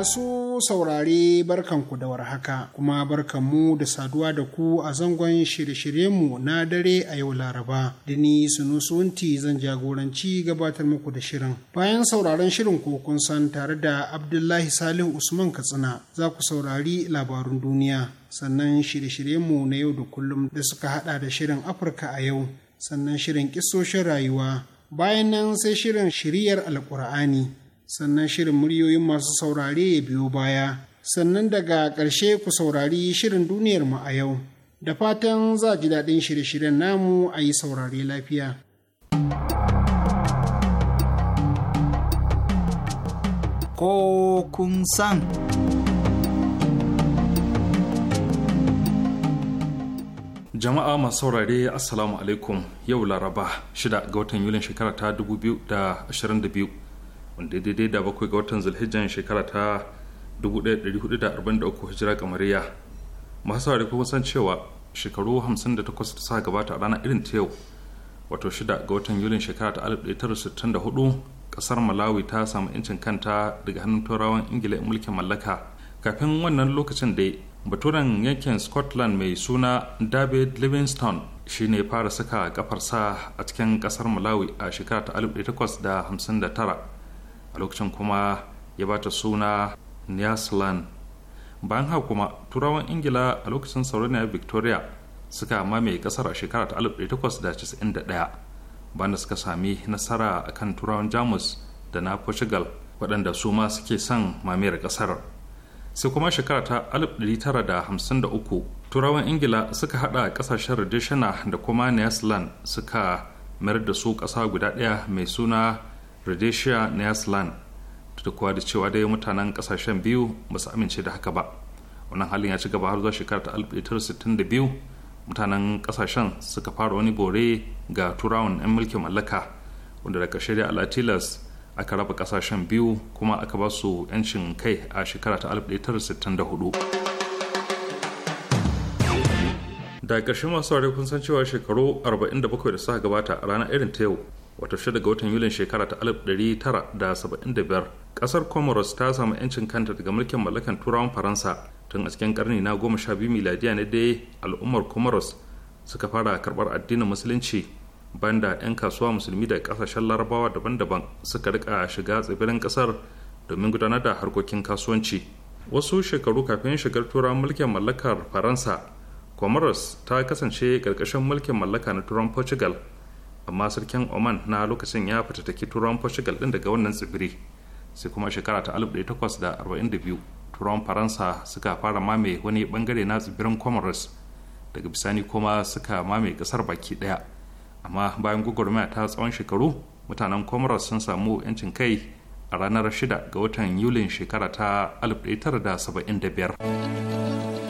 masu saurare barkanku da warhaka kuma barkanmu da saduwa da ku a zangon shirye-shiryenmu na dare a yau laraba da ni sunusunti zan jagoranci gabatar muku da shirin bayan sauraron shirin kokun san tare da abdullahi salihu usman katsina za ku saurari labarun duniya sannan shirye-shiryenmu na yau da kullum da suka hada da shirin afirka a yau sannan shirin ƙisoshin rayuwa bayan nan sai shirin shiriyar alkur'ani sannan shirin muryoyin masu saurare ya biyo baya sannan daga ƙarshe ku saurari shirin duniyar mu a yau da fatan za ji daɗin shirye-shiryen namu a yi saurare lafiya ko kun san jama'a masu saurare assalamu alaikum yau laraba shida, ga watan yulin shekara ta 2022 wanda daidai da bakwai ga watan zulhijjan shekara ta 1443 hijira kamariya masu saurari kuma san cewa shekaru 58 da suka gabata a ranar irin ta yau wato shida ga watan yulin shekara ta 1964 kasar malawi ta samu incin kanta daga hannun turawan ingila mulkin mallaka kafin wannan lokacin dai baturen yankin scotland mai suna david livingstone shi ne fara saka kafarsa a cikin kasar malawi a shekara ta 1859 lokacin kuma ya bata suna Nyasaland bayan haka kuma turawan ingila a lokacin sauraniya victoria suka mamaye kasar a shekara ta 1891 banda suka sami nasara a kan turawan jamus da na portugal waɗanda su ma suke son mamayar kasar sai kuma shekara ta 1953 turawan ingila suka haɗa ƙasashen radishina da kuma nyasaland suka mayar da su ƙasa guda ɗaya mai suna rhodesia iceland da da cewa dai mutanen kasashen biyu ba su amince da haka ba wannan halin ya ci gaba har zuwa shekara ta 1962 mutanen kasashen suka fara wani bore ga turawan 'yan mulkin mallaka wanda daga shirya alatilas aka raba kasashen biyu kuma aka ba su 'yancin kai a shekara ta 1964 da ƙarshen masu kun san cewa shekaru 47 da suka gabata a ranar irin ta yau Wata shida ga watan yulin shekara ta 1975 kasar comoros ta samu 'yancin kanta daga mulkin mallakan turawan faransa tun a cikin karni na 12 miladiya na dai al'ummar comoros suka fara karbar addinin musulunci banda 'yan kasuwa musulmi da kasashen larabawa daban-daban suka rika shiga tsibirin kasar domin gudanar da harkokin kasuwanci wasu shekaru kafin shigar turawan mulkin mallakar faransa comoros ta kasance ƙarƙashin mulkin mallaka na turan portugal amma sarkin oman na lokacin ya fitattaki turon portugal din daga wannan tsibiri sai kuma shekara ta 1842 turon faransa suka fara mame wani bangare na tsibirin comoros daga bisani kuma suka mame kasar baki daya amma bayan gwagwarmaya ta tsawon shekaru mutanen comoros sun samu 'yancin kai a ranar 6 ga watan yulin shekara ta 1975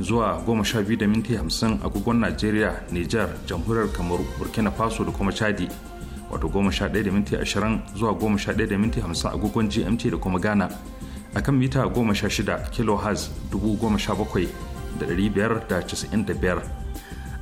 zuwa biyu da minti 12:50 agogon Najeriya, Nijar, Jamhuriyar Kamaru, Burkina Faso da kuma Chadi. Wato 11:20 zuwa ɗaya da minti 11:50 agogon GMT da kuma Ghana. A kan mita 16 da biyar.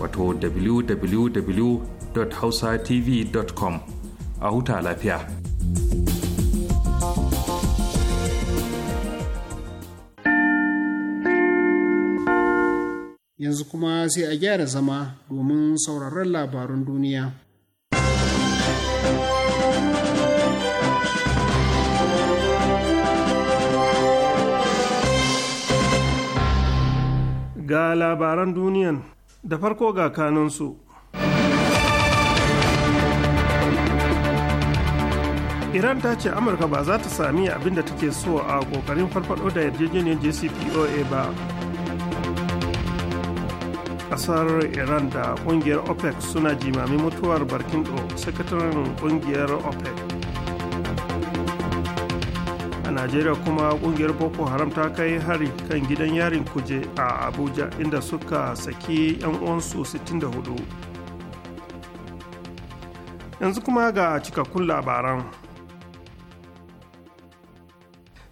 wato www.hausatv.com a huta lafiya. Yanzu kuma sai a gyara zama domin sauraron labarun duniya. Ga labaran duniyan da farko ga kanunsu iran ta ce amurka ba za ta sami abin da take so a kokarin farfado da yarjejeniyar jcpoa ba kasar iran da kungiyar opec suna jimamin mutuwar barkindo sakataren kungiyar opec najeriya kuma kungiyar boko haram ta kai hari kan gidan yarin kuje a abuja inda suka saki 'yan uwansu 64 yanzu kuma ga cikakkun labaran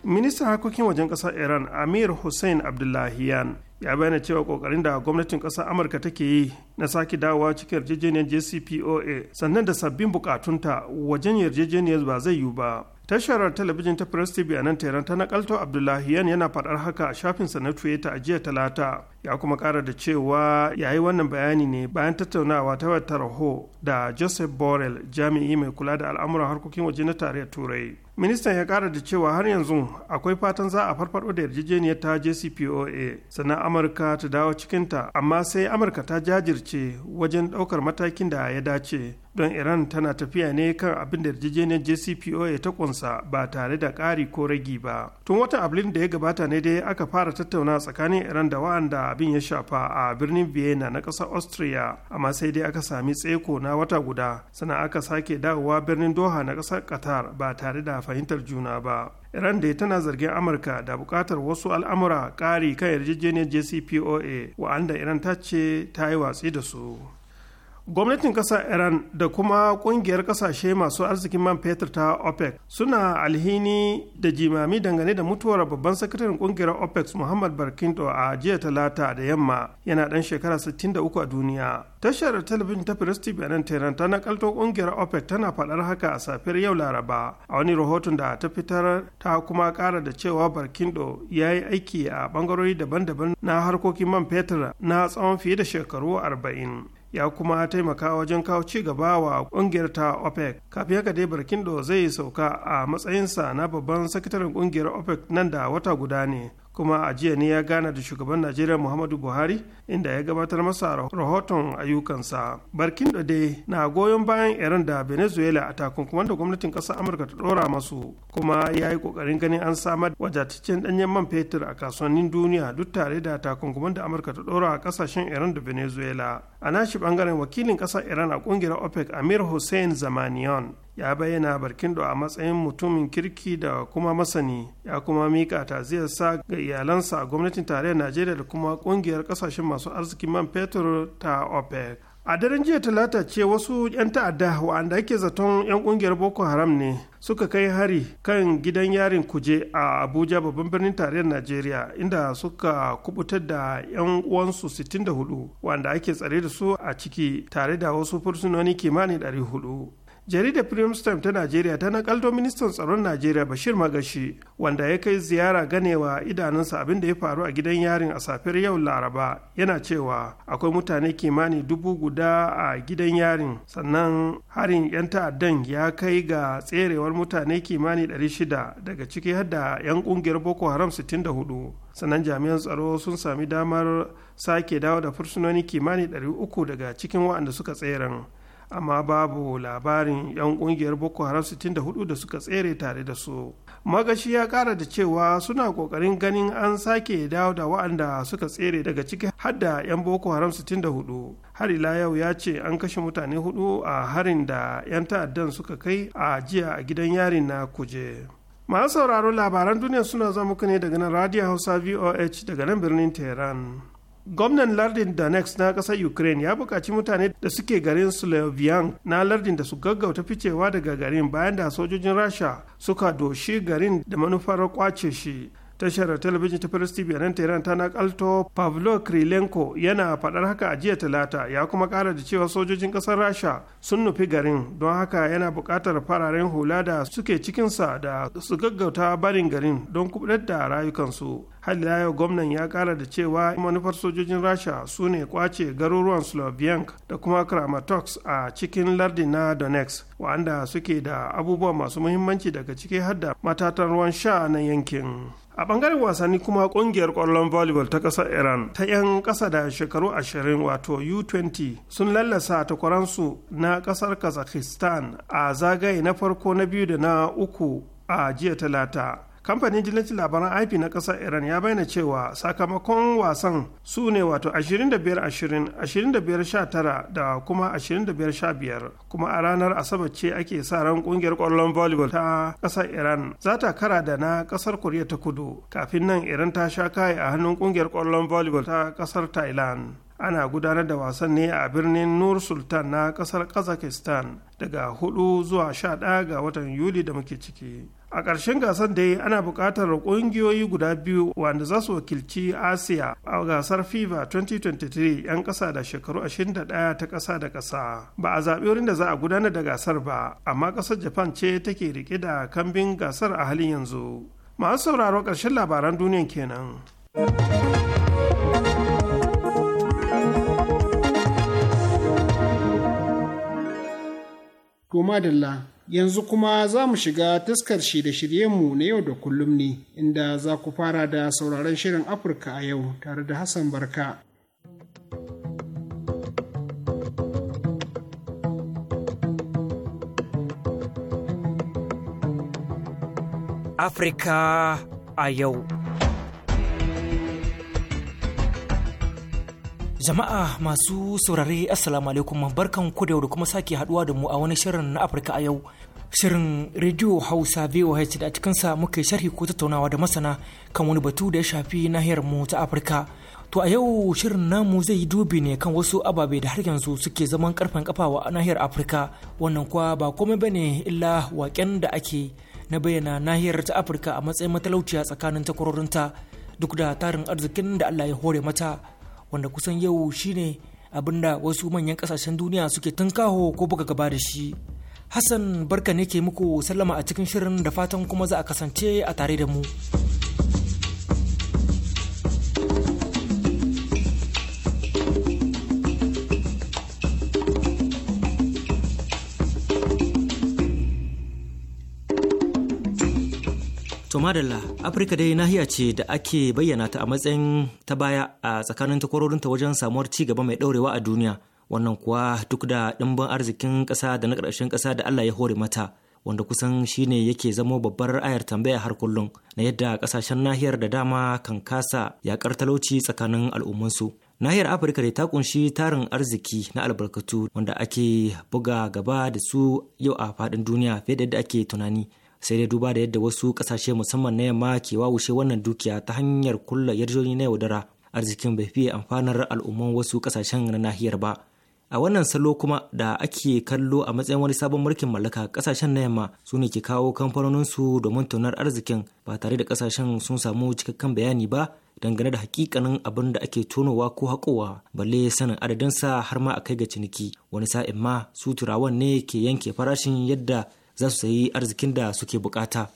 ministan harkokin wajen ƙasar iran amir hussein abdullahiyan ya bayyana cewa kokarin da gwamnatin ƙasar amurka take yi na sake dawowa cikin yarjejeniyar jcpoa sannan da sabbin bukatunta wajen yarjejeniyar ba zai yiwu ba tasharar talabijin ta press tv a nan tehran ta nakalto abdullahi yan yana faɗar haka a shafinsa na twitter a jiya talata ya kuma ƙara da cewa ya yi wannan bayani ne bayan tattaunawa ta wata raho da joseph borrell jami'i mai kula da al'amuran harkokin waje na tarayyar turai ministan ya kara da cewa har yanzu akwai fatan za a farfado da yarjejeniyar ta jcpoa sannan amurka ta dawo cikinta amma sai amurka ta jajirce wajen ɗaukar matakin da ya dace don iran tana tafiya ne kan abin da yarjejeniyar jcpoa ta kunsa ba tare da ƙari ko ragi ba tun watan abilin da ya gabata ne dai aka fara tattauna tsakanin iran da wa'anda abin ya shafa a birnin vienna na ƙasar austria amma sai dai aka sami tseko na wata guda sannan aka sake dawowa birnin doha na ƙasar qatar ba tare da fahimtar juna ba Iran da tana zargin Amurka da buƙatar wasu al'amura ƙari kan yarjejeniyar JCPOA wa'anda Iran ta ce ta yi watsi da su. gwamnatin ƙasar iran da kuma kungiyar kasashe masu arzikin man fetur ta opec suna alhini da jimami dangane da mutuwar babban sakataren kungiyar opec muhammad barkindo a jiya talata da yamma yana dan shekara 63 a duniya tashar talabijin ta firisti bayanan tehran ta nakalto kungiyar opec tana faɗar haka a safiyar yau laraba a wani rahoton da ta fitar ta kuma kara da cewa barkindo ya yi aiki a bangarori daban-daban na harkokin man fetur na tsawon fiye da shekaru arba'in. ya kuma taimaka wajen kawo ci gaba wa kungiyar ta opec kafin haka dai barkindo zai sauka a matsayinsa na babban sakataren kungiyar opec nan da wata guda ne kuma a jiya ne ya gana da shugaban najeriya muhammadu buhari inda ya gabatar masa rahoton ayyukansa barkin dai na goyon bayan iran da venezuela a takunkuman da gwamnatin ƙasar amurka ta dora masu kuma ya yi kokarin ganin an samar wadataccen ɗanyen man fetur a kasuwannin duniya duk tare da takunkuman da amurka ta dora a ƙasashen iran da venezuela a nashi ɓangaren wakilin ƙasar iran a ƙungiyar opec amir hussein zamanion ya bayyana barkindo a matsayin mutumin kirki da kuma masani ya kuma mika taziyarsa ga iyalansa gwamnatin tarayyar najeriya da kuma kungiyar kasashen masu arzikin man fetur ta opec a daren jiya talata ce wasu 'yan ta'adda wa'anda ake zaton 'yan kungiyar boko haram ne suka kai hari kan gidan yarin kuje a abuja babban birnin tarayyar najeriya inda suka kubutar da 'yan uwansu 64 wanda ake tsare da su a ciki tare da wasu fursunoni kimanin 400 jaridar stamp ta najeriya ta nakaldo ministan tsaron najeriya bashir magashi wanda ya kai ziyara ganewa idanunsa abin da ya faru a gidan yarin a safiyar yau laraba yana cewa akwai mutane kimanin dubu guda a gidan yarin sannan harin 'yan ta'addan ya kai ga tserewar mutane kimani 600 daga ciki har 'yan kungiyar boko haram 64 sannan jami'an tsaro sun sami damar sake dawo da fursunoni kimani 300 daga cikin waɗanda suka tseren amma babu labarin 'yan kungiyar boko haram 64 da suka tsere tare da su magashi ya kara da cewa suna kokarin ganin an sake dawo da wa'anda suka tsere daga ciki har da 'yan boko haram 64 har ila yau ya ce an kashe mutane hudu a harin da 'yan ta'addan suka kai a jiya a gidan yarin na kuje masu sauraron labaran duniya suna zama ne daga nan radio hausa voh daga nan birnin tehran gwamnan lardin danex na kasar ukraine ya buƙaci mutane da suke garin slovian na lardin da su gaggauta ficewa daga garin bayan da sojojin rasha suka doshi garin da manufar kwace shi tashar talabijin ta first TV a nan Tehran ta nakalto Pavlo Krilenko yana faɗar haka a jiya talata ya kuma ƙara da cewa sojojin ƙasar Rasha sun nufi garin don haka yana buƙatar fararen hula da suke cikinsa da su gaggauta barin garin don kubutar da rayukansu. har yau gwamnan ya kara da cewa manufar sojojin rasha su ne kwace garuruwan sloviank da kuma kramatorsk a cikin lardi na donetsk wa'anda suke da abubuwa masu muhimmanci daga ciki har da matatan ruwan sha na yankin a bangaren wasanni kuma kungiyar kwallon volleyball ta kasar iran ta 'yan kasa da shekaru 20 wato u20 sun lallasa takwaransu na kasar kazakhstan a zagaye na farko na biyu da na uku a jiya talata kamfanin jilancin labaran ip na ƙasar iran ya bayyana cewa sakamakon wasan su ne wato 25-20 25-19 da kuma 25-15 kuma a ranar asabar ce ake sa ran kungiyar kwallon volleyball ta ƙasar iran za ta kara da na ƙasar koriya ta kudu kafin nan iran ta sha kai a hannun kungiyar kwallon volleyball ta ƙasar thailand ana gudanar da wasan ne a birnin nur sultan na ƙasar kazakhstan daga 4 zuwa 11 ga watan yuli da muke ciki a ƙarshen gasar dai ana buƙatar ƙungiyoyi guda biyu wanda za su wakilci asiya a gasar fifa 2023 'yan ƙasa da shekaru 21 ta ƙasa da ƙasa ba a zaɓi wurin da za a gudanar da gasar ba amma ƙasar japan ce take riƙe da kambin gasar a halin yanzu masu sauraro ƙarshen labaran duniyan kenan. To yanzu kuma za mu shiga taskar shirye-shiryenmu na yau da kullum ne inda za ku fara da sauraron shirin afirka a yau tare da hassan barka afirka a yau Jama'a masu saurare Assalamu alaikum barkan ku da yau da kuma sake haduwa da mu a wani shirin na Afirka a yau. Shirin Radio Hausa VOH da cikinsa muke sharhi ko tattaunawa da masana kan wani batu da ya shafi nahiyar mu ta Afirka. To a yau shirin namu zai yi dubi ne kan wasu ababe da har yanzu suke zaman karfin kafa a nahiyar Afirka. Wannan kuwa ba komai bane illa waken da ake na bayyana nahiyar ta Afirka a matsayin matalauciya tsakanin takwarorinta duk da tarin arzikin da Allah ya hore mata. wanda kusan yau shine abinda wasu manyan kasashen duniya suke tunkaho ko buga gaba da shi hassan barka ne ke muku sallama a cikin shirin da fatan kuma za a kasance a tare da mu. To madalla Afirka dai nahiya ce da ake bayyana ta a matsayin ta baya a tsakanin takwarorinta wajen samuwar ci gaba mai ɗaurewa a duniya. Wannan kuwa duk da ɗimbin arzikin ƙasa da na ƙarshen ƙasa da Allah ya hore mata, wanda kusan shine yake zamo babbar ayar tambaya har kullum na yadda ƙasashen nahiyar da dama kan kasa yaƙar talauci tsakanin al'ummansu. Nahiyar Afirka dai ta kunshi tarin arziki na albarkatu wanda ake buga gaba da su yau a faɗin duniya fiye da yadda ake tunani. sai dai duba da yadda wasu kasashe musamman na yamma ke wawushe wannan dukiya ta hanyar kulla yarjoni na yaudara arzikin bai fiye amfanar al'umman wasu kasashen na nahiyar ba a wannan salo kuma da ake kallo a matsayin wani sabon mulkin mallaka kasashen na yamma su ne ke kawo kamfanoninsu domin tonar arzikin ba tare da kasashen sun samu cikakken bayani ba dangane da hakikanin abin da ake tonowa ko haƙowa balle sanin adadinsa har ma a kai ga ciniki wani sa'in ma su turawan ne ke yanke farashin yadda za su sayi arzikin da suke bukata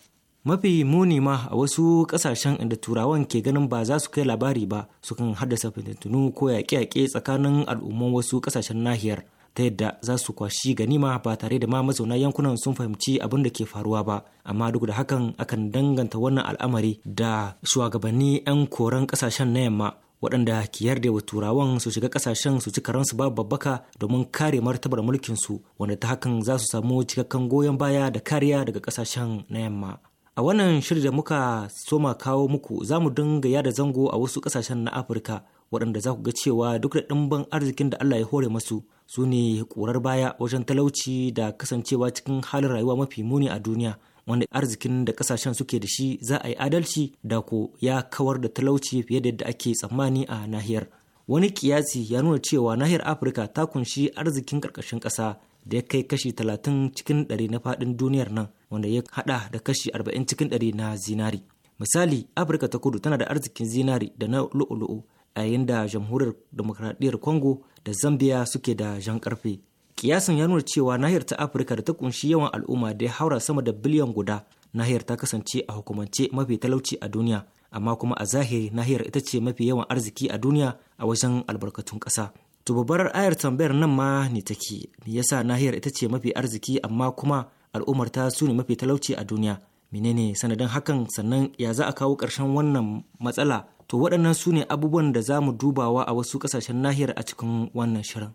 mafi muni ma a wasu kasashen inda turawan ke ganin ba za su kai labari ba sukan haddasa fitintunu ko yaƙe-yaƙe tsakanin al'umman wasu kasashen nahiyar ta yadda za su kwashi ganima ba tare da ma mazauna yankunan sun fahimci abin da ke faruwa ba amma duk da hakan akan danganta wannan al'amari da shugabanni 'yan koren kasashen na yamma waɗanda ki yarda wa turawan su shiga ƙasashen su ci karansu babu babbaka domin kare martabar su wanda ta hakan za su samu cikakken goyon baya da kariya daga ƙasashen na yamma a wannan shirin da muka soma kawo muku za mu dinga yada zango a wasu ƙasashen na afirka waɗanda za ku ga cewa duk da ɗimban arzikin da allah ya hore masu su ne ƙurar baya wajen talauci da kasancewa cikin halin rayuwa mafi muni a duniya wanda arzikin da kasashen suke da shi za a yi adalci da ko ya kawar da talauci fiye da yadda ake tsammani a nahiyar wani kiyasi ya nuna cewa nahiyar afirka ta kunshi arzikin karkashin ƙasa da ya kai kashi 30 cikin 100 na faɗin duniyar nan wanda ya haɗa da kashi 40 cikin 100 na zinari misali afirka ta kudu tana da arzikin zinari da na lu'u-lu'u yayin da jamhuriyar demokradiyyar congo da zambia suke da jan karfe kiyasin ya nuna cewa nahiyar ta afirka da ta kunshi yawan al'umma da ya haura sama da biliyan guda nahiyar ta kasance a hukumance mafi talauci a duniya amma kuma a zahiri nahiyar ita ce mafi yawan arziki a duniya a wajen albarkatun kasa to babbar ayar tambayar nan ma ne take me yasa nahiyar ita ce mafi arziki amma kuma al'ummar ta su ne mafi talauci a duniya menene sanadin hakan sannan ya za a kawo karshen wannan matsala to waɗannan su ne abubuwan da za mu dubawa a wasu kasashen nahiyar a cikin wannan shirin.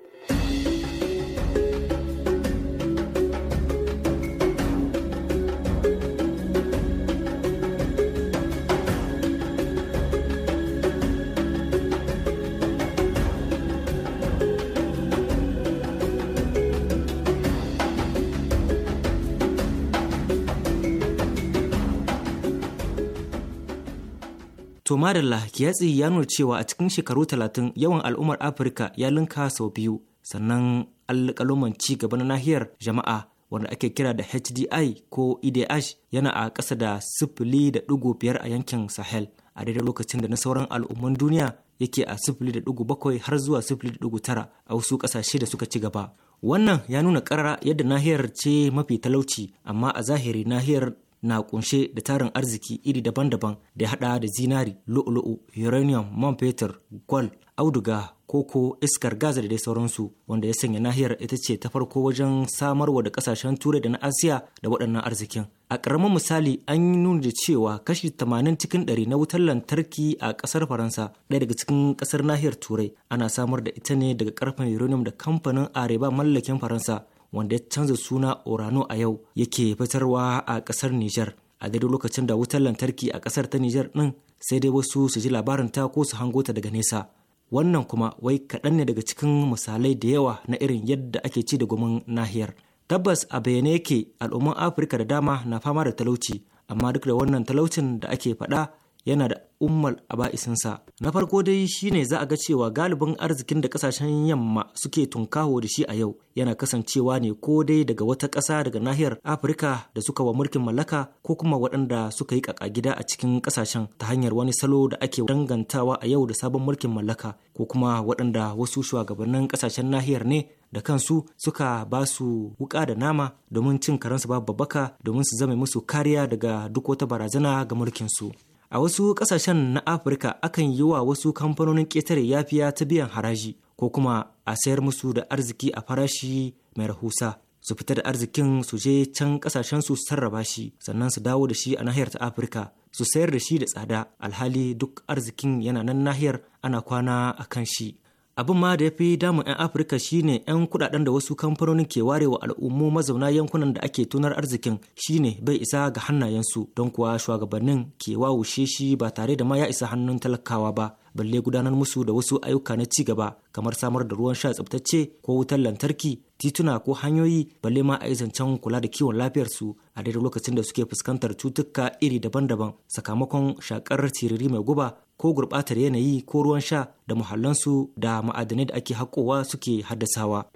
madalla kiyatsi ya nuna cewa a cikin shekaru talatin yawan al'ummar afirka ya linka sau biyu sannan alƙaluman ci gaba na nahiyar jama'a wanda ake kira da HDI ko EDH yana a ƙasa da sifili da ɗigo biyar a yankin Sahel a daidai lokacin da na sauran al'umman duniya yake a sifili da ɗigo bakwai har zuwa sifili da ɗigo tara a wasu ƙasashe da suka ci gaba. Wannan ya nuna ƙarara yadda nahiyar ce mafi talauci amma a zahiri nahiyar na kunshe da tarin arziki iri daban-daban da ya hada da zinari lu'u-lu'u uranium man fetur gwal auduga koko iskar gaza da dai sauransu wanda ya sanya nahiyar ita ce ta farko wajen samarwa da kasashen turai da na asiya da waɗannan arzikin a ƙaramin misali an yi nuna da cewa kashi 80 cikin ɗari na wutar lantarki a ƙasar faransa ɗaya daga cikin ƙasar nahiyar turai ana samar da ita ne daga ƙarfen uranium da kamfanin areba mallakin faransa wanda ya canza suna Orano a yau yake fitarwa a ƙasar Nijar. A daidai lokacin da wutar lantarki a ƙasar ta Nijar ɗin sai dai wasu su ji labarin ta ko su hango ta daga nesa. Wannan kuma wai kaɗan ne daga cikin misalai da yawa na irin yadda ake ci da gumin nahiyar. Tabbas a bayyane yake al'umman Afirka da dama na fama da talauci, amma duk da wannan talaucin da ake faɗa yana da ummal aba'isinsa na farko dai shine za a ga cewa galibin arzikin da kasashen yamma suke tunkaho da shi a yau yana kasancewa ne ko dai daga wata ƙasa daga nahiyar afirka da suka wa mulkin mallaka ko kuma waɗanda suka yi ƙaƙa gida a cikin ƙasashen ta hanyar wani salo da ake dangantawa a yau da sabon mulkin mallaka ko kuma waɗanda wasu shugabannin ƙasashen nahiyar ne da kansu suka ba su wuƙa da nama domin cin karansu babu babbaka domin su zame musu kariya daga duk wata barazana ga mulkinsu. A wasu ƙasashen na Afirka akan yi wa wasu kamfanonin ƙetare yafiya ta biyan haraji ko kuma a sayar musu da arziki a farashi mai rahusa. su fita da arzikin su je can kasashen su sarrafa shi sannan su dawo da shi a nahiyar ta afirka su sayar da shi da tsada alhali duk arzikin yana nan nahiyar ana kwana a kan shi abin ma da ya fi damun 'yan afirka shine 'yan kudaden da wasu kamfanonin ke ware wa al'ummu mazauna yankunan da ake tunar arzikin shine bai isa ga hannayensu don kuwa shugabannin ke wawushe shi ba tare da ma ya isa hannun talakawa ba balle gudanar musu da wasu ayyuka na ci gaba kamar samar da ruwan sha tsabtacce ko wutar lantarki tituna ko hanyoyi balle ma a zancen kula da kiwon lafiyarsu a daidai lokacin da suke fuskantar cutuka iri daban-daban sakamakon shakar siriri mai guba ko gurɓatar yanayi ko ruwan sha da muhallansu da ma'adanai da ake haƙowa suke haddasawa.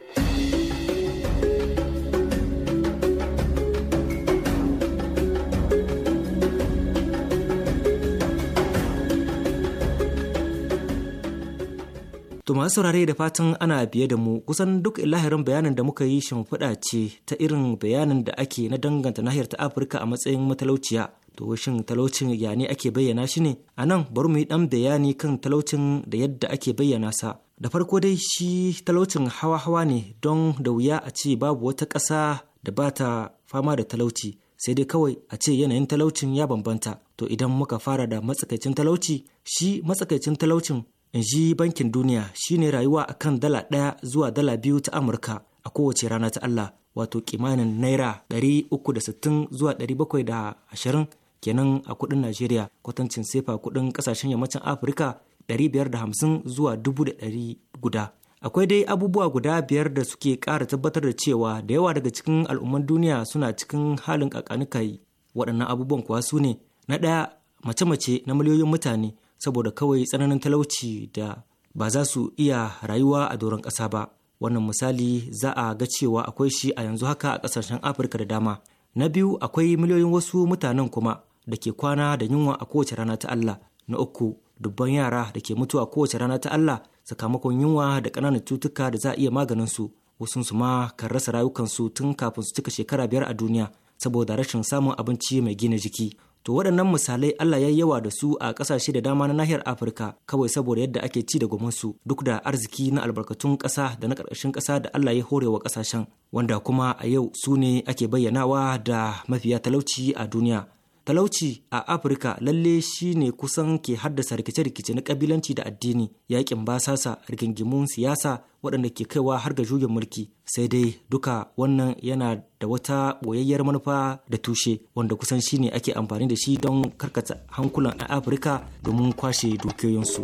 To masu saurare da fatan ana biye da mu kusan duk lahirin bayanin da muka yi shimfiɗa ce ta irin bayanin da ake na danganta nahiyar ta Afirka a matsayin matalauciya. To shin talaucin ya ne ake bayyana shi ne? A nan bari mu yi ɗan bayani kan talaucin da yadda ake bayyana sa. Da farko dai shi talaucin hawa-hawa ne don da wuya a ce babu wata ƙasa da ba ta fama da talauci. sai dai kawai a ce yanayin talaucin ya bambanta to idan muka fara da matsakaicin talauci shi matsakaicin talaucin in ji bankin duniya shine rayuwa akan dala ɗaya zuwa dala biyu ta amurka a kowace rana ta allah wato kimanin naira da 360 zuwa 720 kenan a kudin najeriya kwatancin sefa kudin kasashen yammacin afirka 550 zuwa ɗari guda akwai dai abubuwa guda biyar da suke ƙara tabbatar da cewa da yawa daga cikin al'umman duniya suna cikin halin ƙaƙanikai waɗannan abubuwan kuwa su ne na ɗaya mace-mace na miliyoyin mutane saboda kawai tsananin talauci da ba za su iya rayuwa a doron ƙasa ba wannan misali za a ga cewa akwai shi a yanzu haka a ƙasashen afirka da dama na biyu akwai miliyoyin wasu mutanen kuma da ke kwana da yunwa a kowace rana ta allah na uku dubban yara da ke mutuwa kowace rana ta allah sakamakon yunwa da ƙananan cutuka da za a iya maganin su wasu su ma kan rasa rayukansu tun kafin su cika shekara biyar a duniya saboda rashin samun abinci mai gina jiki To waɗannan misalai Allah ya yi yawa da su a ƙasashe da dama na nahiyar Afirka kawai saboda yadda ake ci da su duk da arziki na albarkatun ƙasa da na ƙarƙashin ƙasa da Allah ya horewa ƙasashen wanda kuma a yau su ne ake bayyanawa da mafiya talauci a duniya. talauci a afirka lalle shi ne kusan ke haddasa rikice-rikice na kabilanci da addini yakin basasa rigingimun siyasa waɗanda ke kaiwa har ga jugin mulki sai dai duka wannan yana da wata ɓoyayyar manufa da tushe wanda kusan shi ne ake amfani da shi don karkata hankulan a afirka domin kwashe dukiyoyinsu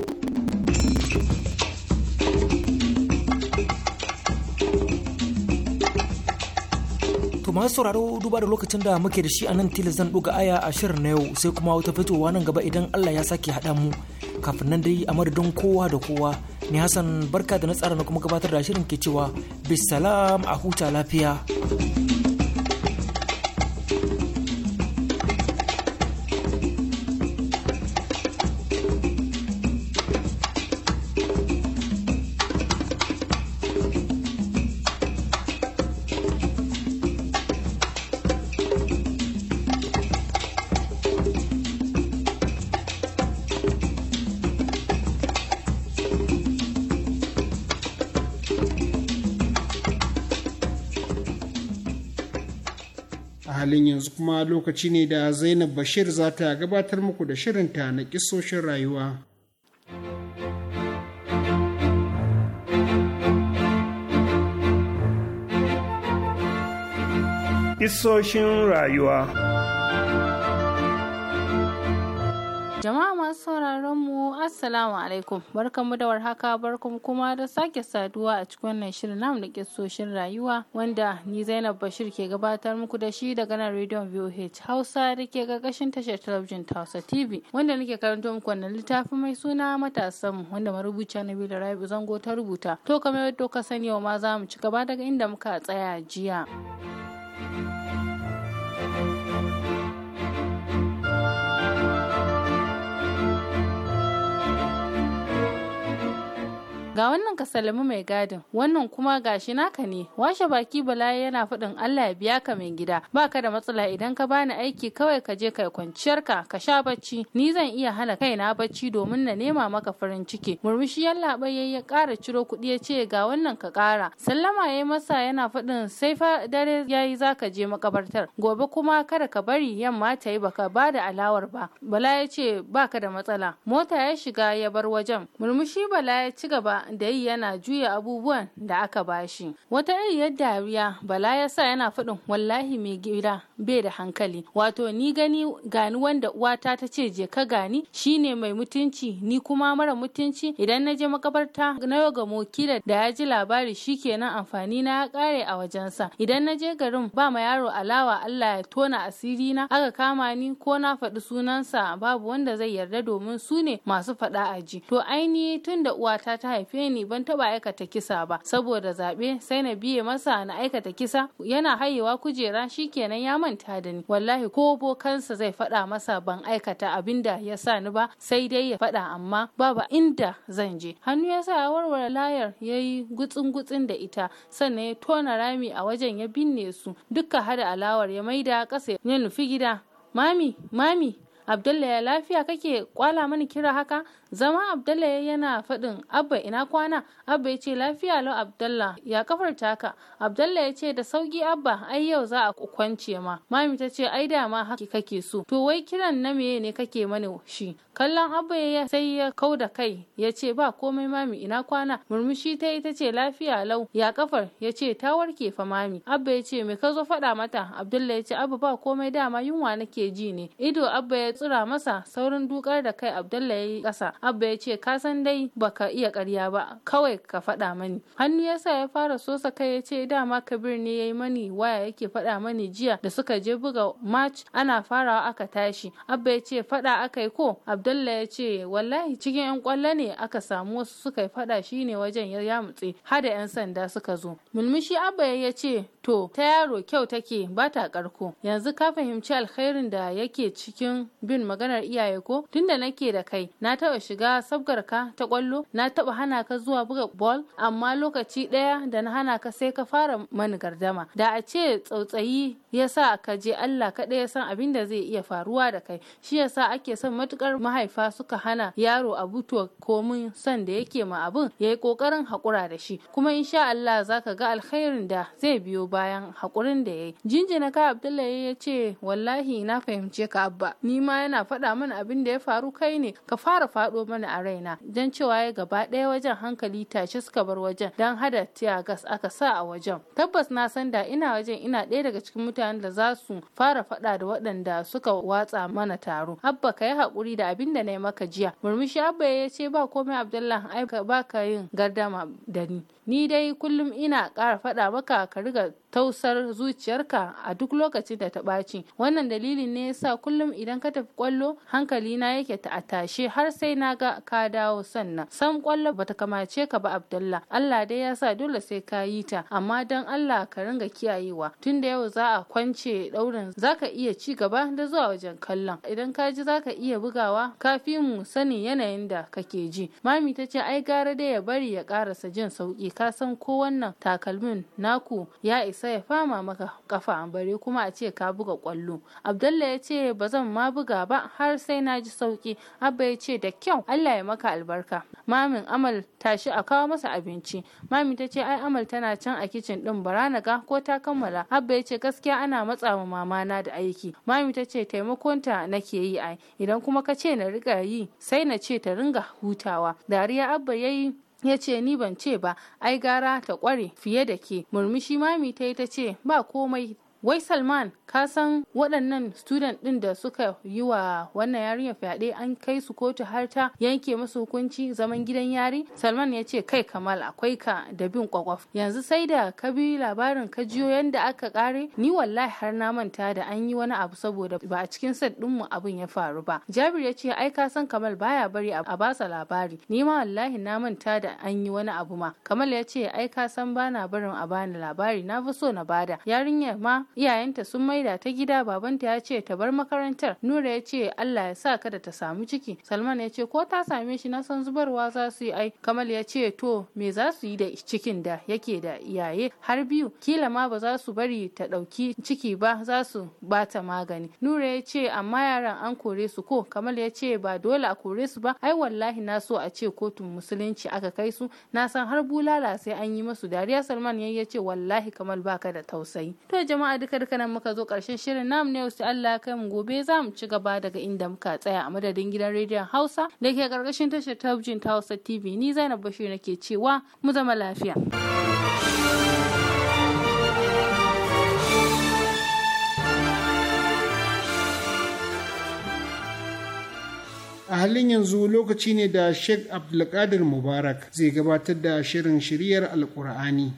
masu sauraro duba da lokacin da muke da shi a nan tilas zan ɗuga aya a shirin na yau sai kuma wata fitowa nan gaba idan Allah ya sake haɗa mu kafin nan dai a madadin kowa da kowa ni Hassan barka da na tsara na kuma gabatar da shirin ke cewa bisalam a huta lafiya. kuma lokaci ne da zainab bashir za ta gabatar muku da shirinta na kisoshin rayuwa Kisoshin rayuwa masu sauraron mu assalamu alaikum barkanmu da warhaka barkum kuma da sake saduwa a cikin wannan shirin namu da kisoshin rayuwa wanda ni Zainab Bashir ke gabatar muku da shi daga nan Radio VOH Hausa da ke gagashin tashar talabijin ta Hausa TV wanda nake karanto muku wannan littafi mai suna matasan wanda marubuciya Nabila Rabi Zango ta rubuta to kamar yadda ka sani yau ma za mu ci gaba daga inda muka tsaya jiya. Ga wannan ka salami mai gadin, wannan kuma gashi naka ne. Washe baki Bala yana faɗin Allah ya biya ka mai gida. baka da matsala idan ka bani aiki kawai ka je kai kwanciyar ka, ka sha bacci. Ni zan iya hana kaina bacci domin na nema maka farin ciki. Murmushi yalla ya kara ciro kuɗi ya ce ga wannan ka kara. Sallama ya masa yana faɗin sai fa dare yayi zaka je makabartar. Gobe kuma kada ka bari yamma ta yi baka ba da alawar ba. Bala ya ce baka da matsala. Mota ya shiga ya bar wajen. Murmushi Bala ya ci gaba da yi yana juya abubuwan da aka bashi. Wata iriyar dariya Bala ya sa yana faɗin wallahi mai gida bai da hankali. Wato ni gani gani wanda uwata ta ce je ka gani shine mai mutunci ni kuma mara mutunci idan na je makabarta na yoga mokila da ya ji labari shi shikenan amfani na ya kare a wajensa. Idan na je garin ba ma yaro alawa Allah ya tona asiri na aka kama ni ko na faɗi sunansa babu wanda zai yarda domin su ne masu faɗa aji. To ainihi tun da uwata ta haifi shafe ni ban taba aikata kisa ba saboda zaɓe sai na biye masa na aikata kisa yana hayewa kujera shikenan ya manta da ni wallahi ko bokansa zai faɗa masa ban aikata abin da ya sa ni ba sai dai ya faɗa amma babu inda zan je hannu ya sa ya warware layar ya yi gutsin gutsin da ita sannan ya tona rami a wajen ya binne su dukka hada alawar ya maida kasa ya nufi gida mami mami abdullahi ya lafiya kake kwala mani kira haka zama abdalla yana faɗin abba ina kwana abba ya ce lafiya lau abdalla ya kafar taka abdalla ya ce da sauki abba ai yau za a kwance ma mami ta ce ai da ma haki kake so to wai kiran na meye ne kake mani shi kallon abba ya sai ya kau da kai ya ce ba komai mami ina kwana murmushi ta ita ce lafiya lau ya kafar ya ce ta warke fa mami abba ya ce me ka zo faɗa mata abdalla ya ce abba ba komai dama yunwa nake ji ne ido abba ya tsira masa saurin dukar da kai abdullah ya yi ƙasa abba ya ce ka san dai baka iya karya ba kawai ka faɗa mani hannu yasa ya fara sosa kai ya ce dama kabir ne ya yi mani waya yake faɗa mani jiya da suka je buga match ana farawa aka tashi abba ya ce faɗa aka yi ko abdalla ya ce wallahi cikin yan kwallo ne aka samu wasu suka yi faɗa shine wajen ya yamutse har da yan sanda suka zo mulmushi abba ya ce to ta yaro kyau take ba ta karko yanzu ka fahimci alkhairin da yake cikin bin maganar iyaye ko tunda nake da kai na taba shiga sabgar ka ta kwallo na taba hana ka zuwa buga ball amma lokaci daya da na hana ka sai ka fara mani gardama da a ce tsautsayi yasa ka je Allah kaɗai ya san abin da zai iya faruwa da kai shi yasa ake son matukar mahaifa suka hana yaro abu to komin son da yake ma abin yayi kokarin hakura da shi kuma insha Allah zaka ga alkhairin da zai biyo ba bayan hakurin da ya yi jinjina ka abdullahi ya ce wallahi na fahimce ka abba ni ma yana faɗa mana abin da ya faru kai ne ka fara faɗo mana a raina don cewa ya gaba ɗaya wajen hankali tashi suka bar wajen don hada tiyagas aka sa a wajen tabbas na san da ina wajen ina ɗaya daga cikin mutanen da za su fara faɗa da waɗanda suka watsa mana taro abba ka yi haƙuri da abin da na yi maka jiya murmushi abba ya ce ba komai abdullahi ai ba ka yin gardama da ni ni dai kullum ina ƙara faɗa maka ka riga tausar zuciyarka a duk lokacin da ta ɓaci wannan dalilin ne yasa kullum idan ka tafi kwallo hankali na yake ta tashe har sai na ga ka dawo sannan san kwallo bata kamace ka ba abdullah allah dai ya sa dole sai ka yi ta amma dan allah ka ringa kiyayewa tun da yau za a kwance daurin zaka iya ci gaba da zuwa wajen kallon idan ka ji zaka iya bugawa ka fi mu sani yanayin da kake ji mami ta ce ai gara dai ya bari ya karasa jin sauki ka san ko wannan takalmin naku ya isa sai ya fama maka kafa bare kuma a ce ka buga kwallo Abdullahi ya ce ba zan ma buga ba har sai na ji sauki abba ya ce da kyau allah ya maka albarka mamin amal tashi a kawo masa abinci mami ta ce ai amal tana can a kicin din bara na ga ko ta kammala abba ya ce gaskiya ana matsa ma mama na da aiki mami ta ce taimakonta nake yi ai idan kuma ka ce na riga yi sai na ce ta ringa hutawa dariya abba ya yi ya ce ni ban ce ba ai gara ta kware fiye da ke murmushi mami ta yi ta ce ba komai wai salman ka san waɗannan student ɗin da suka yi wa wannan yarinyar fyaɗe an kai su kotu har ta yanke musu hukunci zaman gidan yari salman ya ce kai kamal akwai ka da bin kwakwaf yanzu sai da ka bi labarin ka jiyo yadda aka kare ni wallahi har na manta da an yi wani abu saboda ba a cikin set ɗinmu abin ya faru ba jabir ya ce ai ka san kamal baya bari a basa labari ni ma wallahi na manta da an yi wani abu ma kamal ya ce ai ka san bana barin a bani labari na fi so na bada yarinyar ma iyayenta sun maida ta gida babanta ya ce ta bar makarantar nura ya ce allah ya sa kada ta samu ciki salman ya ce ko ta same shi na san zubarwa za su yi ai kamal ya ce to me za su yi da cikin da yake da iyaye har biyu kila ma ba za su bari ta ɗauki ciki ba za su bata magani nura ya ce amma yaran an kore su ko kamal ya ce ba dole a kore su ba ai wallahi na so a ce kotun musulunci aka kai su na san har bulala sai an yi masu dariya salman ya ce wallahi kamal baka da tausayi to jama'a duka duka nan muka zo karshen shirin nam ne wasu Allah kai mu gobe za mu ci gaba daga inda muka tsaya a madadin gidan rediyon Hausa da ke karkashin tashar talabijin ta Hausa TV ni Zainab Bashir nake cewa mu zama lafiya. a halin yanzu lokaci ne da sheikh abdulkadir mubarak zai gabatar da shirin shiriyar alkur'ani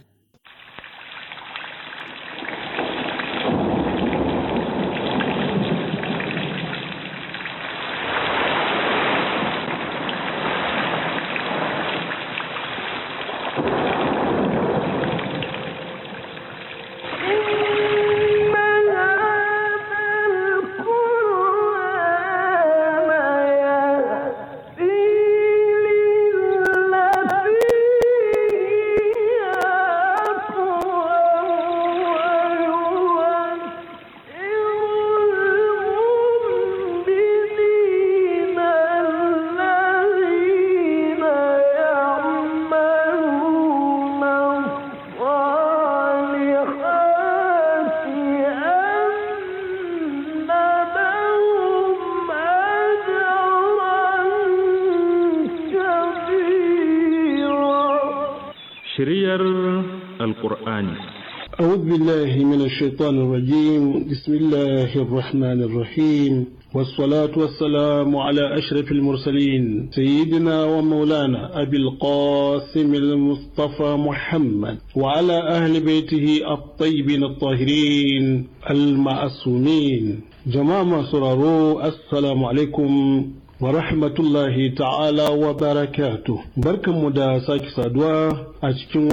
الشيطان الرجيم بسم الله الرحمن الرحيم والصلاة والسلام على أشرف المرسلين سيدنا ومولانا أبي القاسم المصطفى محمد وعلى أهل بيته الطيبين الطاهرين المعصومين جماعة سرارو السلام عليكم ورحمة الله تعالى وبركاته barakatuh مدى da sake saduwa a cikin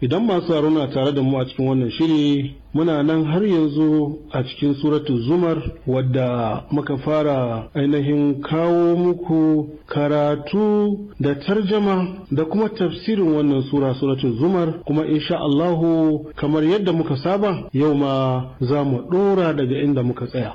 idan masu na tare da mu a cikin wannan shiri muna nan har yanzu a cikin suratu zumar wadda muka fara ainihin kawo muku karatu da tarjama da kuma tafsirin wannan sura suratu zumar kuma insha Allahu kamar yadda muka saba yau ma za mu ɗora daga inda muka tsaya.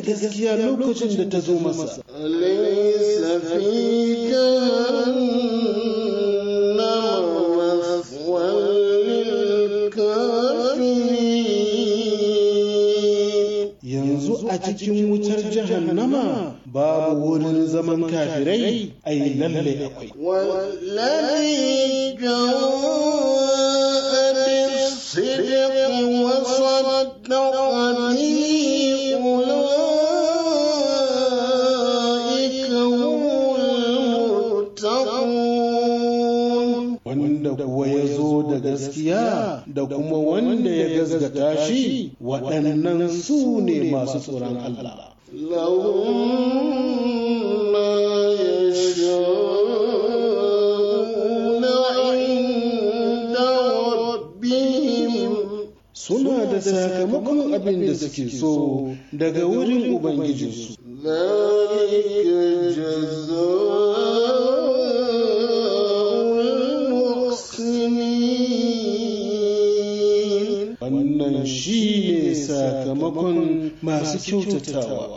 riƙe gaskiya lokacin da ta zo masa. Yanzu a cikin wutar jahannama babu wurin zaman kafirai, yi lalle akwai. masu tsoron Allah. Suna da sakamakon abin da suke so daga wurin Ubangijinsu. sakamakon masu kyautatawa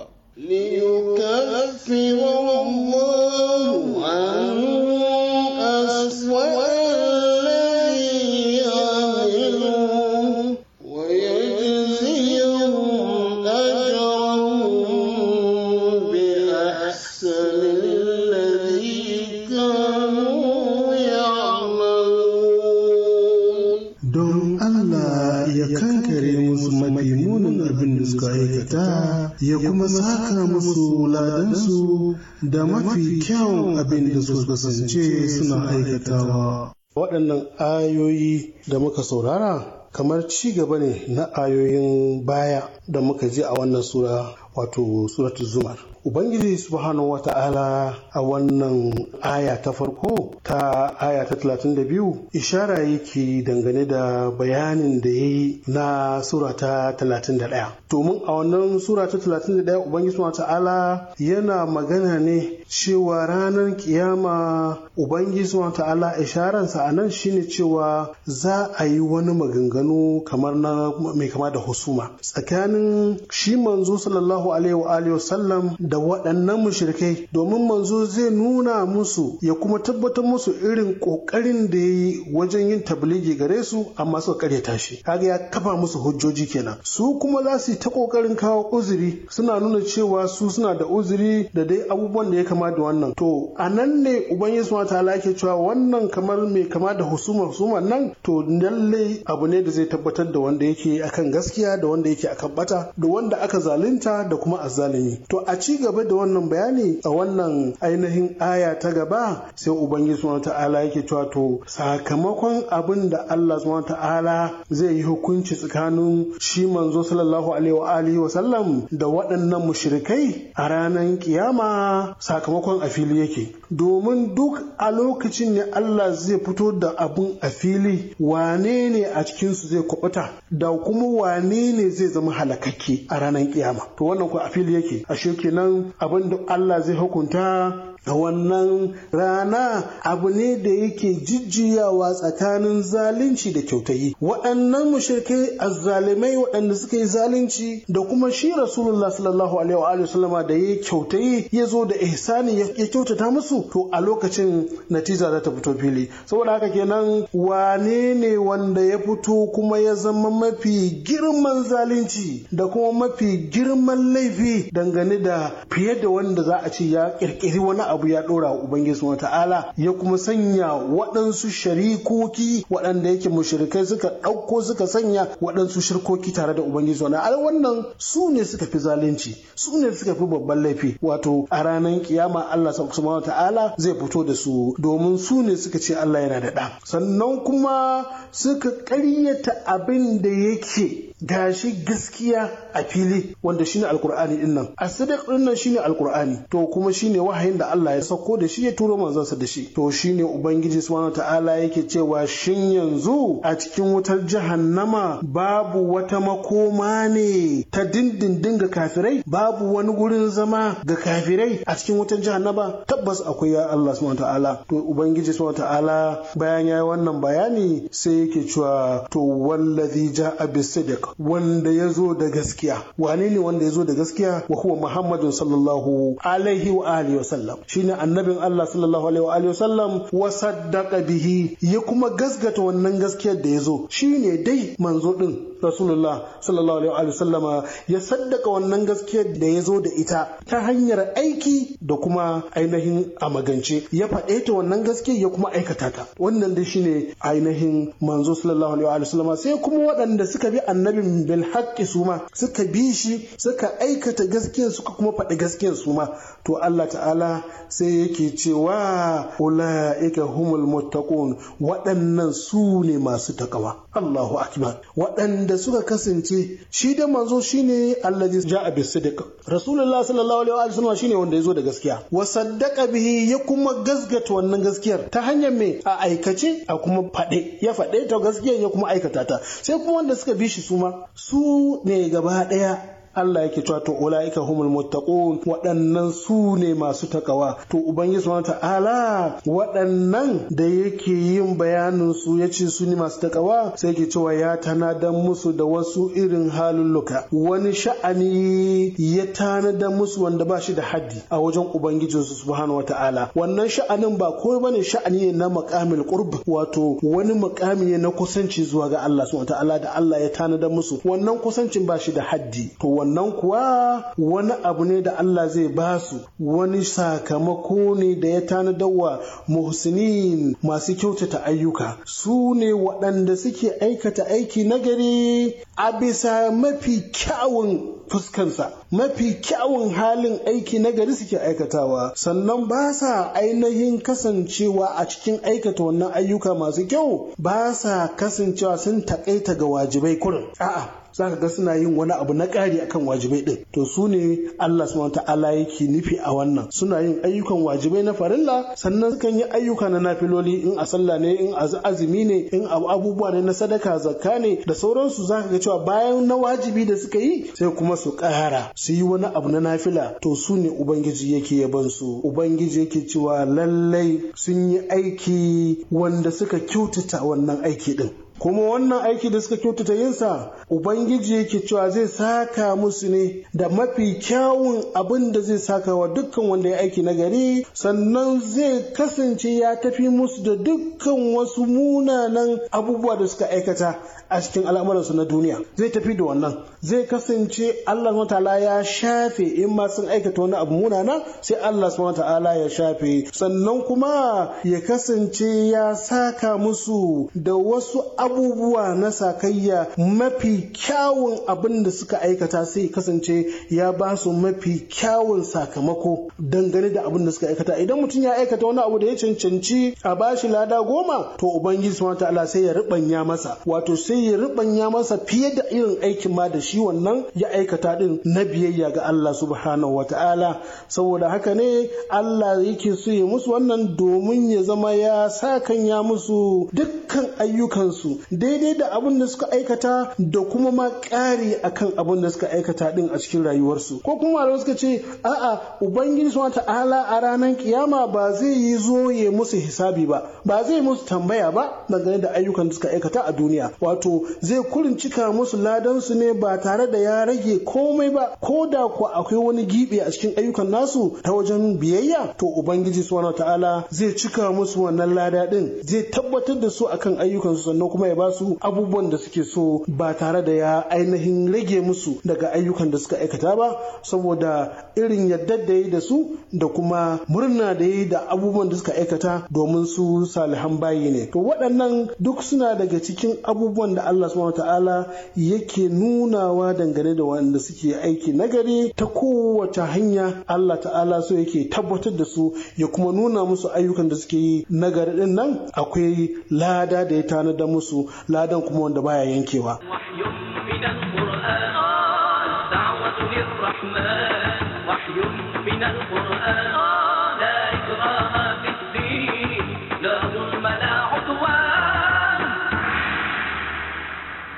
kasance suna aikatawa. Waɗannan ayoyi da muka saurara kamar ci gaba ne na ayoyin baya da muka ji a wannan sura wato suratul zumar ubangiji subhanahu wata'ala a wannan aya ta farko ta aya ta 32 ishara yake dangane da bayanin da ya yi na sura ta 31 domin a wannan sura ta 31 ubangiji subhanahu wata'ala yana magana ne cewa ranar kiyama ubangiji subhanahu wata'ala isharansa a nan shine cewa za a yi wani maganganu kamar na mai kama da husuma tsakanin shi manzo sallallahu sallallahu alaihi wa alihi da waɗannan mushrikai domin manzo zai nuna musu ya kuma tabbatar musu irin ƙoƙarin da ya yi wajen yin tabligi gare su amma suka karyata shi kaga ya kafa musu hujjoji kenan su kuma za su yi ta ƙoƙarin kawo uzuri suna nuna cewa su suna da uzuri da dai abubuwan da ya kama da wannan to a nan ne uban yesu ta ke cewa wannan kamar mai kama da husuma husuma nan to lallai abu ne da zai tabbatar da wanda yake akan gaskiya da wanda yake akan bata da wanda aka zalunta da kuma a azzalimi to a ci gaba da wannan bayani a wannan ainihin aya ta gaba sai ubangiji subhanahu ta'ala yake cewa to sakamakon abin da Allah subhanahu ta'ala zai yi hukunci tsakanin shi manzo sallallahu alaihi wa sallam da waɗannan mushrikai a ranar kiyama sakamakon a fili yake domin duk a lokacin ne Allah zai fito da abun a fili wane ne a cikinsu zai kubuta da kuma wane ne zai zama halakakke a ranar kiyama to wannan ku a fili yake ashe kenan abin da Allah zai hukunta a wannan rana abu ne da yake jijjiyawa tsakanin zalunci da kyautayi waɗannan mushrikai azzalimai waɗanda suka yi zalunci da kuma shi rasulullah sallallahu alaihi wa sallama da ya kyautayi ya zo da ihsani ya kyautata musu to a lokacin natija za ta fito fili saboda haka kenan wane ne wanda ya fito kuma ya zama mafi girman zalunci da kuma mafi girman laifi dangane da fiye da wanda za a ce ya ƙirƙiri wani abu ya ɗora wa Ubangiji wa ta'ala ya kuma sanya waɗansu sharikoki waɗanda yake mushrikai suka ɗauko suka sanya waɗansu shirkoki tare da Ubangiji wa ta'ala wannan su ne suka fi zalunci su ne suka fi babban laifi wato a ranar kiyama Allah subhanahu ta'ala zai fito da su domin su ne suka ce Allah yana da ɗa sannan kuma suka ƙaryata abin da yake gashi gaskiya a fili wanda shine alkur'ani din nan sadaq din nan shine alkur'ani to kuma shine wahayin da Allah ya sauko da shi ya turo manzansa da shi to shine ubangiji subhanahu ta'ala yake cewa shin yanzu a cikin wutar jahannama babu wata makoma ne ta dindindin ga kafirai babu wani gurin zama ga kafirai a cikin wutar jahannama tabbas akwai ya Allah subhanahu ta'ala to ubangiji subhanahu ta'ala bayan yayi wannan bayani sai yake cewa to wallazi ja'a bis-sidq wanda ya zo da gaskiya wane ne wanda ya zo da gaskiya wa huwa muhammadun sallallahu alaihi wa alihi wa sallam shine annabin Allah sallallahu alaihi wa alihi wa sallam wa saddaqa bihi ya kuma gasgata wannan gaskiyar da ya zo shine dai manzo din rasulullah sallallahu alaihi wa sallam ya saddaka wannan gaskiyar da ya zo da ita ta hanyar aiki da kuma ainihin a magance ya faɗe ta wannan gaskiya ya kuma aikata ta wannan dai shine ainihin manzo sallallahu alaihi wa sallam. sai kuma waɗanda suka bi annabi annabin bil su suma suka bi shi suka aikata gaskiyar suka kuma faɗi gaskiyar suma to Allah ta'ala sai yake cewa ulaika humul muttaqun waɗannan su ne masu takawa Allahu akbar waɗanda suka kasance shi da manzo shine allazi ja'a bis sidiq rasulullahi sallallahu alaihi wa sallam shine wanda yazo da gaskiya wa saddaqa bihi ya kuma gasgata wannan gaskiyar ta hanyar me a aikace a kuma faɗe ya faɗe ta gaskiyar ya kuma aikata ta sai kuma wanda suka bi shi suma su ne gaba ɗaya Allah yake cewa to ulaika humul muttaqun waɗannan su ne masu takawa to ubangiji subhanahu ta'ala waɗannan da yake yin bayanin su yace su ne masu takawa sai yake cewa ya tanadan musu da wasu irin halulluka wani sha'ani ya tanadan musu wanda ba shi da haddi a wajen ubangijin ubangijinsu subhanahu ta'ala wannan sha'anin ba ko bane sha'ani ne na makamil qurb wato wani makami ne na kusanci zuwa ga Allah subhanahu wata'ala da Allah ya tanadan musu wannan kusancin ba shi da haddi to wannan kuwa wani abu ne da Allah zai ba su wani sakamako ne da ya tanadawa muhsinin masu kyautata ayyuka su ne waɗanda suke aikata aiki nagari a bisa mafi kyawun fuskansa mafi kyawun halin aiki nagari suke aikatawa sannan ba sa ainihin kasancewa a cikin aikata wannan ayyuka masu kyau ba sa kasancewa sun takaita ga wajibai kurin a'a za ka ga suna yin wani abu na ƙari akan wajibai ɗin? to su ne Allah subhanahu ta'ala yake nufi a wannan suna yin ayyukan wajibai na farilla sannan sukan yi ayyuka na nafiloli in a sallah ne in azumi ne in abubuwa ne na sadaka zakka ne da sauransu za ka ga cewa bayan na wajibi da suka yi sai kuma su ƙara su yi wani abu na nafila to su ne ubangiji yake yaban su ubangiji yake cewa lallai sun yi aiki wanda suka kyautata wannan aiki ɗin? kuma wannan aiki da suka kyautata yinsa ubangiji yake cewa zai saka musu ne da mafi kyawun abin da zai saka wa dukkan wanda ya aiki na gari sannan zai kasance ya tafi musu da dukkan wasu munanan abubuwa da suka aikata a cikin al'amuransu na duniya zai tafi da wannan zai kasance allah ta'ala ya shafe in ma sun aikata wani abu munana sai allah ta'ala ya shafe sannan kuma ya kasance ya saka musu da wasu abubuwa na sakayya mafi kyawun abin da suka aikata sai kasance ya ba su mafi kyawun sakamako dangane da abin da suka aikata idan mutum ya aikata wani abu da ya cancanci a bashi lada goma to ubangiji mata ala sai ya ribanya masa wato sai ya ribanya masa fiye da irin aikin ma da shi wannan ya aikata din na biyayya ga Allah subhanahu ta'ala. saboda haka ne Allah yake so ya musu wannan domin ya zama ya sakanya musu dukkan ayyukansu daidai da abin da suka aikata da kuma ma ƙari akan abin da suka aikata din a cikin rayuwarsu ko kuma malamai suka ce a'a ubangiji ta ta'ala a ranar kiyama ba zai yi zo musu hisabi ba ba zai musu tambaya ba dangane da ayyukan da suka aikata a duniya wato zai kurin cika musu su ne ba tare da ya rage komai ba ko da ku akwai wani giɓi a cikin ayyukan nasu ta wajen biyayya to ubangiji subhanahu ta'ala zai cika musu wannan lada din zai tabbatar da su akan ayyukansu sannan kuma ya ba su abubuwan da suke so ba tare da ya ainihin rage musu daga ayyukan da suka aikata ba saboda irin yadda da yi da su da kuma murna da yi da abubuwan da suka aikata domin su salihan bayi ne to waɗannan duk suna daga cikin abubuwan da Allah subhanahu ta'ala yake nunawa dangane da waɗanda suke aiki nagari ta kowace hanya Allah ta'ala so yake tabbatar da su ya kuma nuna musu ayyukan da suke yi nagari din nan akwai lada da ya tanada musu ladan kuma wanda baya yankewa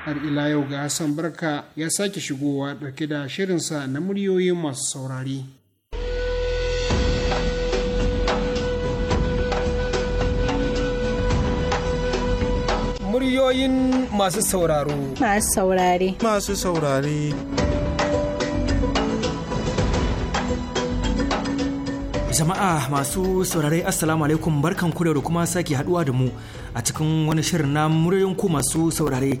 har ila yau ga Hassan Barka ya sake shigowa ɗauke da shirinsa na muryoyin masu saurari. muryoyin masu sauraro. Masu saurare. Masu saurare. Jama'a masu saurare Assalamu alaikum barkan ku da kuma sake haduwa da mu a cikin wani shirin na muryoyin ku masu saurare.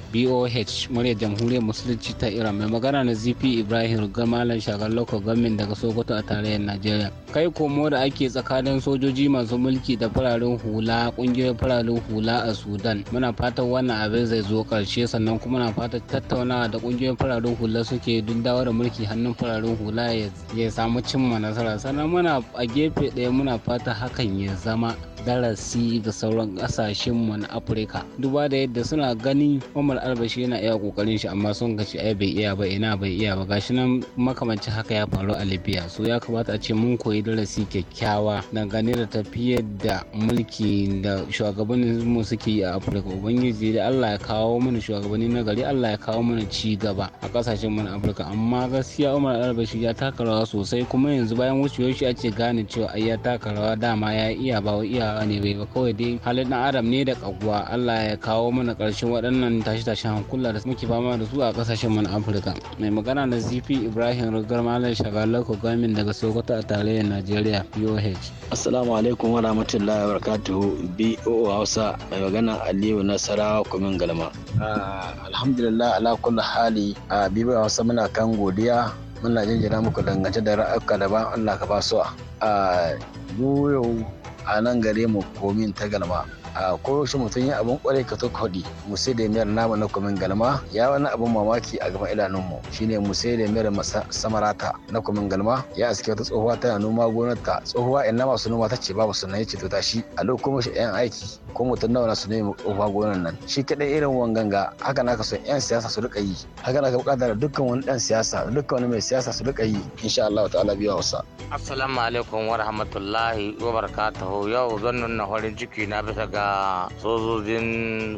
boh murya jamhuriyar musulunci ta iran mai magana na zp ibrahim rugar malam shagar loko gamin daga sokoto a tarayyar najeriya kai komo da ake tsakanin sojoji masu mulki da fararen hula kungiyoyin fararen hula a sudan muna fatan wannan abin zai zo karshe sannan kuma na fatan tattaunawa da kungiyoyin fararen hula suke duk dawo da mulki hannun fararen hula ya samu cimma nasara sannan muna a gefe ɗaya muna fata hakan ya zama darasi da sauran kasashen mu na afirka duba da yadda suna ganin umar albashi yana iya kokarin shi amma sun ga ai bai iya ba ina bai iya ba gashi nan makamancin haka ya faru a libya so ya kamata a ce mun koyi darasi kyakkyawa dangane da tafiyar da mulki da shugabannin mu suke yi a afirka ubangiji da allah ya kawo mana shugabanni na gari allah ya kawo mana ci gaba a kasashen mu na afirka amma gaskiya umar albashi ya taka rawa sosai kuma yanzu bayan wucewar shi a ce gane cewa ai ya taka rawa dama ya iya ba iya gyarawa ne bai ba kawai dai halin dan adam ne da kaguwa Allah ya kawo mana karshen waɗannan tashi tashi hankula da muke fama da su a kasashen mana Afirka mai magana da ZP Ibrahim Rugar Malam Shagalako Gamin daga Sokoto a tarayyar Najeriya POH Assalamu alaikum wa rahmatullahi wa barakatuhu BO Hausa mai magana Aliyu Nasarawa kumin galma ah, alhamdulillah ala kulli hali a BO Hausa muna kan godiya muna jinjina muku dangance da ra'ayoyinka da ba Allah ka ba su a ah, yau a nan gare mu komin ta galma a koyaushe mutum ya abin kwarai ka tuka hudi musai da miyar nama na kumin galma ya wani abin mamaki a gaban idanunmu shine ne sai da miyar samarata na kumin galma ya aske wata tsohuwa tana noma gonarta tsohuwa ina masu noma ta ce babu sunan ya ce ta tashi a lokacin shi yan aiki ko mutum nawa na su nemi tsohuwa gonar nan shi kadai irin wanganga haka naka so yan siyasa su rika yi haka naka bukatar dukkan wani dan siyasa dukkan wani mai siyasa su rika yi insha Allah ta'ala biya wasa assalamu alaikum wa rahmatullahi wa barakatuhu yau zan nuna farin ciki na bisa ga ga sojojin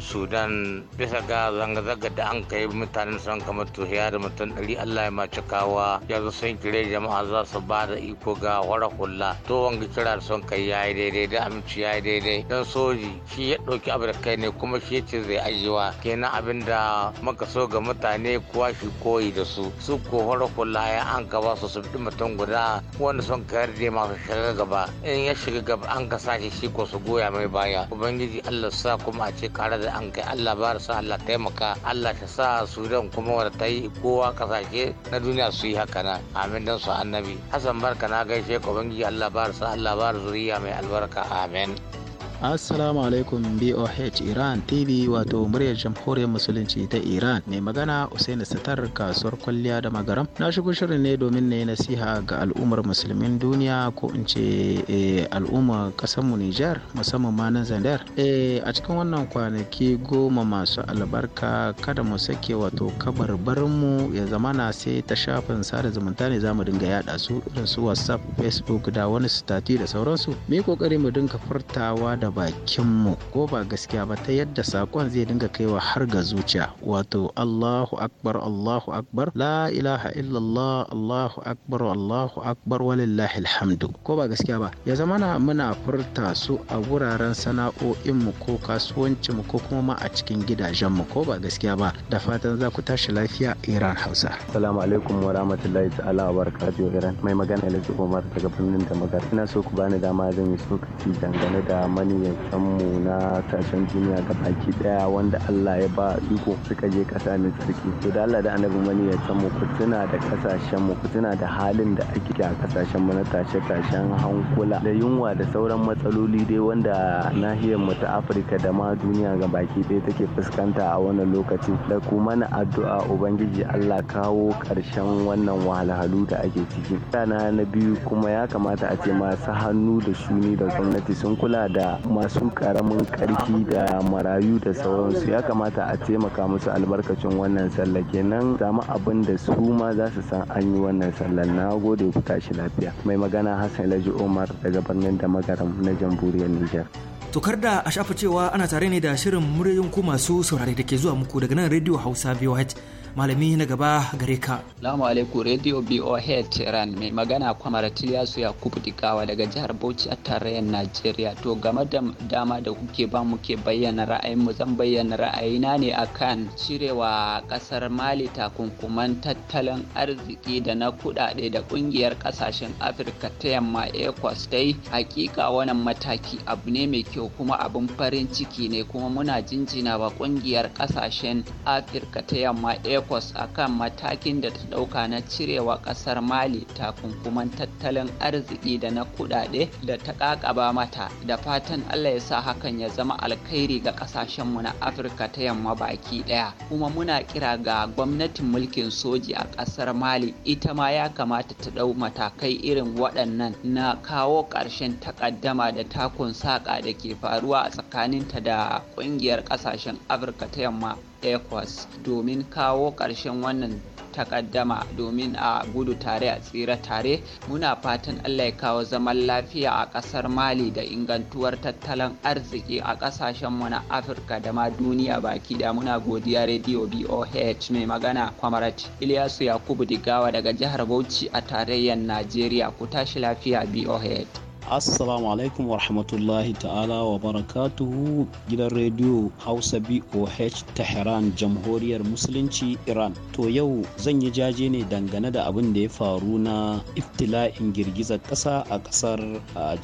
sudan bisa ga zanga-zanga da an kai mutanen sun kamar tuhiya da mutum ɗari allah ya mace kawa yanzu sun kire jama'a za su ba da iko ga wara kula to wanga kira da sun kai yi daidai da aminci yi daidai dan soji shi ya ɗauki abu da kai ne kuma shi ce zai ajiyewa kenan abin da maka so ga mutane kuwa shi koyi da su su ko wara kula ya an gaba su su bi mutum guda wanda sun kayar da masu shiga gaba in ya shiga gaba an ka sashi shi ko su goya mai baya ubangiji allah sa kuma a ce kare da an kai allah ba sa allah taimaka allah ta sa sudan kuma wata ta yi kowa kasashe na duniya su yi haka na amin don su annabi hassan barka na gaishe ubangiji allah ba sa allah ba zuriya mai albarka amin. Assalamu alaikum BOH Iran TV wato muryar jamhuriyar musulunci ta Iran mai magana Hussein Satar kasuwar kwalliya da magaram na shigo shirin ne domin na yi nasiha ga al'ummar musulmin duniya ko in ce eh, al'ummar kasar mu Nijar musamman ma nan Zandar eh, a cikin wannan kwanaki goma masu albarka kada mu sake wato kabar mu ya zama na sai ta shafin sada zumunta ne zamu dinga yada su irin su WhatsApp Facebook da wani stati da sauransu mu yi kokari mu dinga furtawa da bakinmu ko ba gaskiya ba ta yadda sakon zai dinga kaiwa har ga zuciya wato Allahu akbar Allahu akbar la ilaha illallah Allahu akbar Allahu akbar walillahi alhamdu ko ba gaskiya ba ya zama muna furta su a wuraren sana'o'inmu ko kasuwancinmu ko kuma ma a cikin gidajenmu ko ba gaskiya ba da fatan za ku tashi lafiya Iran Hausa Assalamu alaikum wa rahmatullahi ta'ala wa Iran mai magana Alhaji Umar daga birnin damagar ina so ku bani dama zan yi sokaci dangane da mani mu na kasashen duniya ga baki ɗaya wanda Allah ya ba iko suka je kasa mai tsarki to da Allah da annabi mani ya san mu ku tuna da kasashen mu ku tuna da halin da ake a kasashen mu na tashe tashen hankula da yunwa da sauran matsaloli dai wanda nahiyar mu ta Afirka da ma duniya ga baki daya take fuskanta a wannan lokaci da kuma na addu'a ubangiji Allah kawo karshen wannan wahalhalu da ake ciki sana na biyu kuma ya kamata a ce masu hannu da shuni da gwamnati sun kula da masu karamin karfi da marayu da sauransu ya kamata a taimaka musu albarkacin wannan sallah kenan samu abin da su ma za su san an yi wannan sallah na gode ku tashi lafiya mai magana hassan laji umar daga birnin da magaram na jamhuriyar niger tokar da a shafa cewa ana tare ne da shirin muryoyin ku masu saurare da ke zuwa muku daga nan radio hausa voh malami na gaba gare ka Lamu alaikum Radio BOH Iran mai magana kwamar Tiliyasu ya Dikawa daga jihar Bauchi a tarayyar Najeriya to game da dama da kuke ba muke bayyana ra'ayin mu zan bayyana ra'ayina ne akan cirewa kasar Mali takunkuman tattalin arziki da na kuɗaɗe da ƙungiyar ƙasashen Afirka ta yamma ECOWAS ta yi hakika wannan mataki abu ne mai kyau kuma abun farin ciki ne kuma muna jinjina wa kungiyar kasashen Afirka ta yamma ECOWAS a kan matakin da ta ɗauka na cirewa ƙasar Mali takunkuman tattalin arziki da na kuɗaɗe da ta ƙaƙaba mata da fatan Allah ya sa hakan ya zama alkhairi ga ƙasashenmu na Afirka ta yamma baki ɗaya. Kuma muna kira ga gwamnatin mulkin soji a ƙasar Mali ita ma ya kamata ta ɗau matakai irin waɗannan na kawo ƙarshen takaddama da takun saƙa da ke faruwa a tsakaninta da ƙungiyar ƙasashen Afirka ta yamma ecowas domin kawo ƙarshen wannan takaddama domin a gudu tare a tsira tare muna fatan allah ya kawo zaman lafiya a ƙasar mali da ingantuwar tattalin arziki a ƙasashenmu na afirka da ma duniya baki da muna godiya rediyo boh mai magana kwamarat Iliyasu yakubu digawa daga jihar bauchi a tarayyar najeriya ku tashi lafiya boh Assalamu alaikum wa rahmatullahi ta'ala wa barakatuhu gidan rediyo Hausa BOH Tehran Jamhuriyar Musulunci Iran. To yau zan yi jaje ne dangane da abin da ya faru na iftila'in girgizar ƙasa a ƙasar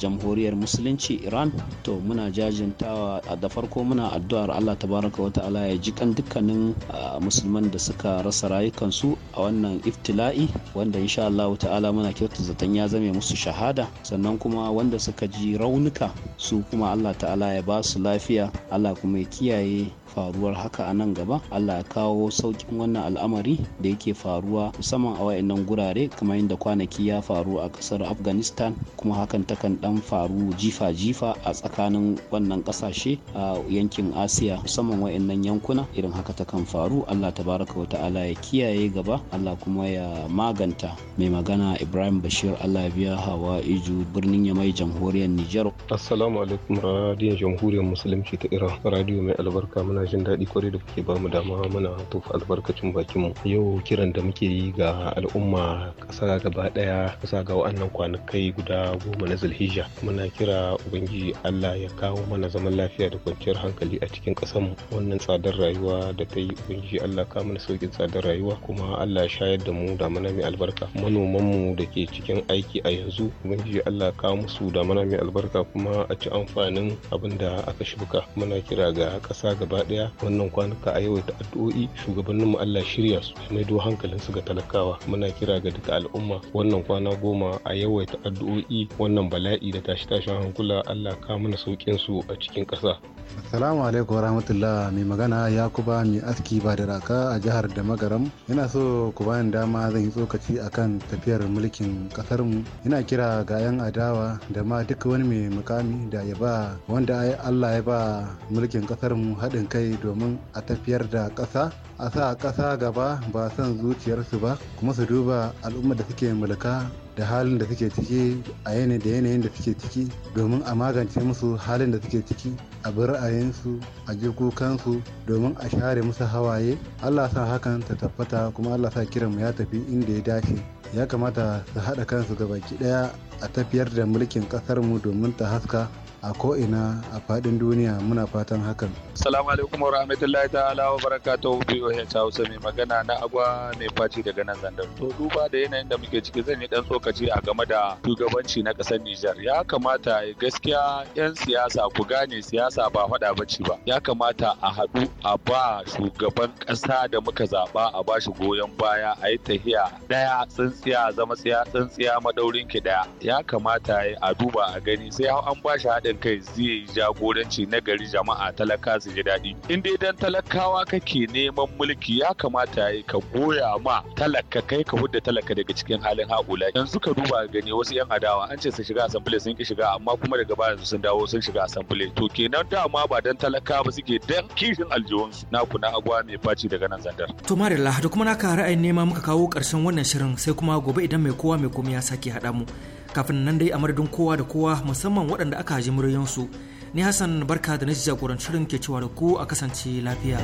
Jamhuriyar Musulunci Iran. To muna jajintawa da farko muna addu'ar Allah tabaraka wa ta'ala ya ji kan dukkanin musulman da suka rasa rayukansu a wannan iftila'i wanda insha Allah ta'ala muna kyautata zaton ya zame musu shahada sannan kuma wanda suka ji raunuka su kuma Allah ta'ala ya ba su lafiya Allah kuma ya kiyaye faruwar haka a nan gaba allah ya kawo saukin wannan al'amari da yake faruwa musamman a wayannan gurare kamar yadda kwanaki ya faru a ƙasar afghanistan kuma hakan takan dan faru jifa-jifa a tsakanin wannan kasashe a yankin asiya musamman wayannan yankuna irin haka takan faru allah ta baraka wa ta'ala ya kiyaye gaba allah kuma ya maganta mai magana ibrahim bashir allah ya biya hawa iju birnin yamai jamhuriyar nijar assalamu alaikum radiyon jamhuriyar musulunci ta iran radiyo mai albarka muna muna jin daɗi kwarai da kuke bamu dama muna tofa albarkacin bakin mu yau kiran da muke yi ga al'umma ƙasa gaba ɗaya ƙasa ga wa'annan kwanakai guda goma na zulhijja muna kira ubangiji allah ya kawo mana zaman lafiya da kwanciyar hankali a cikin mu wannan tsadar rayuwa da ta yi ubangiji allah ka mana sauƙin tsadar rayuwa kuma allah shayar da mu da mana mai albarka mu da ke cikin aiki a yanzu ubangiji allah ka musu da mana mai albarka kuma a ci amfanin abin da aka shuka muna kira ga ƙasa gaba daya wannan kwanuka a yawaita addu'o'i mu Allah shirya su do hankalin su ga talakawa muna kira ga duka al'umma wannan kwana goma a yawaita addu'o'i wannan bala'i da tashi tashin hankula Allah ka mana saukin su a cikin ƙasa Assalamu alaikum warahmatullah mai magana ya Yakuba mai aski ba da raka a jihar da magaram. Yana so ku bayan dama zan yi tsokaci a kan tafiyar mulkin ƙasarmu? yana Ina kira ga 'yan adawa da ma duk wani mai mukami da ya ba wanda Allah ya ba mulkin ƙasarmu haɗin kai domin a tafiyar da ƙasa a sa ƙasa gaba ba son zuciyarsu ba kuma su duba al'ummar da suke mulka da halin da suke ciki a yanayi da yanayin da suke ciki domin a magance musu halin da suke ciki a bi ra'ayinsu a ji kukansu domin a share musu hawaye allah sa hakan ta tabbata kuma allah sa kiranmu ya tafi inda ya dace ya kamata su haɗa kansu gaba ki ɗaya a tafiyar da mulkin ƙasarmu domin ta haska a ko'ina a fadin duniya muna fatan hakan. Salamu alaikum wa rahmatullahi ta'ala wa barakatuhu BOH Hausa mai magana na agwa mai faci daga nan zandar. To duba da yanayin da muke ciki zan yi dan tsokaci a game da shugabanci na kasar Nijar. Ya kamata gaskiya 'yan siyasa ku gane siyasa ba faɗa bacci ba. Ya kamata a haɗu a ba shugaban ƙasa da muka zaɓa a ba shi goyon baya a yi tahiya ɗaya tsintsiya zama tsiya tsintsiya madaurin ki ɗaya. Ya kamata a duba a gani sai an ba shi haɗin haɗin kai zai jagoranci na gari jama'a talaka su ji daɗi in dai dan talakawa kake neman mulki ya kamata ya ka goya ma talaka kai ka hudda talaka daga cikin halin haƙula yanzu ka duba gani wasu yan adawa an ce su shiga asambile sun ki shiga amma kuma daga baya sun dawo sun shiga asambile to kenan dama ba dan talaka ba suke dan kishin aljihunsu na kuna agwa mai faci daga nan zandar. to marilla da kuma naka ra'ayin nema muka kawo ƙarshen wannan shirin sai kuma gobe idan mai kowa mai komai ya sake haɗa mu kafin nan dai a madadin kowa da kowa musamman waɗanda aka haji muryansu ni hassan barka da na jagorancin ke cewa da ku a kasance lafiya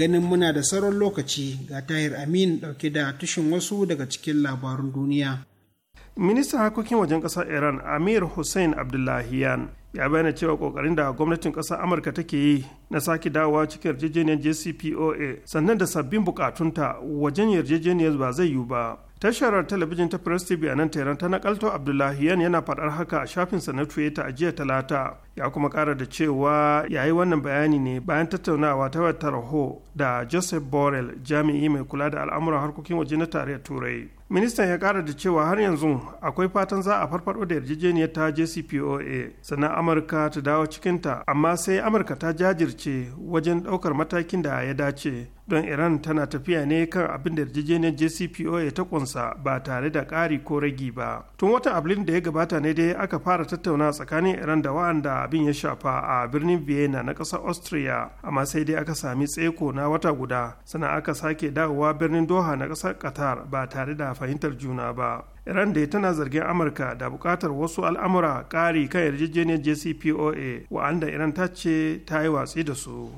ganin muna da sauran lokaci ga tahir amin dauke da tushen wasu daga cikin labarun duniya ministan harkokin wajen ƙasar iran amir hussein abdullahiyan ya bayyana cewa kokarin da gwamnatin ƙasar amurka take yi na sake dawowa cikin yarjejeniyar jcpoa sannan da sabbin bukatunta wajen yarjejeniyar ba zai yiwu ba Tashar talabijin ta Press TV a nan Tehran ta nakalto Abdullahi Yan yana faɗar haka a shafin sa na Twitter a jiya Talata. Ya kuma ƙara da cewa yayi wannan bayani ne bayan tattaunawa ta wata raho da Joseph Borrell jami'i mai kula da al'amuran harkokin waje na tarayyar Turai. Ministan ya ƙara da cewa har yanzu akwai fatan za a farfaɗo da yarjejeniyar ta JCPOA sannan Amurka ta dawo cikinta amma sai Amurka ta jajirce wajen ɗaukar matakin da ya dace. don iran tana tafiya ne kan abin da yarjejeniyar jcpoa ta kunsa ba tare da ƙari ko ragi ba tun watan abrilun da ya gabata ne dai aka fara tattauna tsakanin iran da wa'anda abin ya shafa a birnin vienna na ƙasar austria amma sai dai aka sami tseko na wata guda sannan aka sake dawowa birnin doha na ƙasar qatar ba tare da fahimtar juna ba Iran da tana zargin Amurka da buƙatar wasu al'amura ƙari kan yarjejeniyar JCPOA wa'anda Iran ta ce ta yi watsi da su.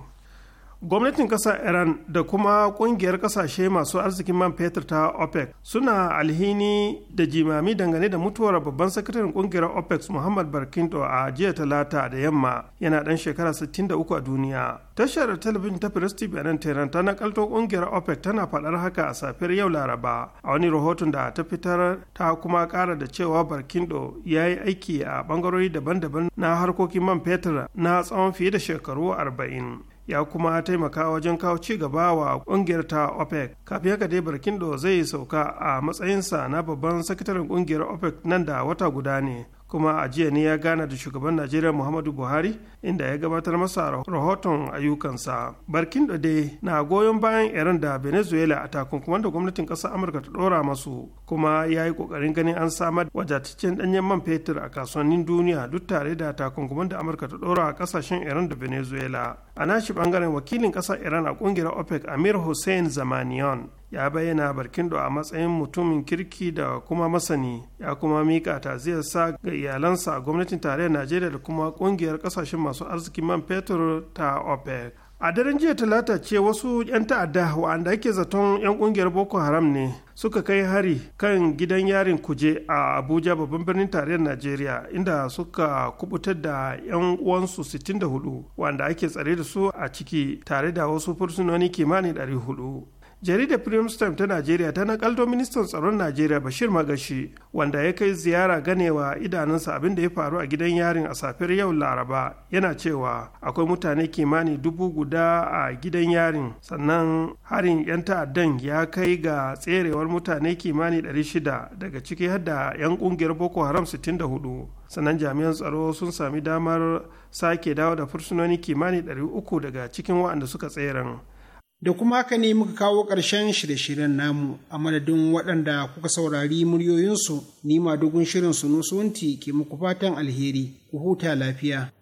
gwamnatin ƙasar iran da kuma kungiyar kasashe masu arzikin man fetur ta opec suna alhini da jimami dangane da mutuwar babban sakataren kungiyar opec muhammad barkindo a jiya talata da yamma yana dan shekara 63 a duniya tashar talabijin ta firisti tv ta tehran ta nakalto ƙungiyar opec tana faɗar haka a safiyar yau laraba a wani rahoton da ta fitar ta kuma kara da cewa barkindo ya yi aiki a bangarori daban-daban na harkokin man fetur na tsawon fiye da shekaru 40 ya kuma taimaka wajen kawo ci gaba wa kungiyar ta opec kafin haka dai barkindo zai sauka a matsayinsa na babban sakataren kungiyar opec nan da wata guda ne kuma a jiya ne ya gana da shugaban najeriya muhammadu buhari inda ya gabatar masa rahoton ayyukansa barkin dai na goyon bayan iran da venezuela a takunkuman da gwamnatin ƙasar amurka ta ɗora masu kuma ya yi ƙoƙarin ganin an samar wadataccen ɗanyen man fetur a kasuwannin duniya duk tare da takunkuman da amurka ta ɗora a ƙasashen iran da venezuela a nashi ɓangaren wakilin ƙasar iran a ƙungiyar opec amir hussein zamanion ya bayyana barkindo a matsayin mutumin kirki da kuma masani ya kuma mika taziyarsa ga iyalansa gwamnatin tarayyar najeriya da kuma kungiyar kasashen masu arzikin man fetur ta opec a daren jiya talata ce wasu 'yan ta'adda wa'anda ake zaton 'yan kungiyar boko haram ne suka kai hari kan gidan yarin kuje a abuja babban birnin tarayyar najeriya inda suka kubutar da 'yan uwansu 64 wanda ake tsare da su a ciki tare da wasu fursunoni kimanin 400 jaridar primstem ta najeriya ta nakalto ministan tsaron najeriya bashir magashi wanda ya kai ziyara ganewa idanunsa abin da ya faru a gidan yarin a safiyar yau laraba yana cewa akwai mutane kimanin dubu guda a gidan yarin sannan harin 'yan ta'addan ya kai ga tserewar mutane kimani 600 daga ciki har da 'yan kungiyar boko haram 64 sannan jami'an tsaro sun sami damar sake dawo da fursunoni kimani 300 daga cikin waɗanda suka tseren da kuma haka ne muka kawo ƙarshen shirye-shiryen namu a madadin waɗanda kuka saurari muryoyinsu ni ma dugun shirin sunusunti ke muku fatan alheri ku huta lafiya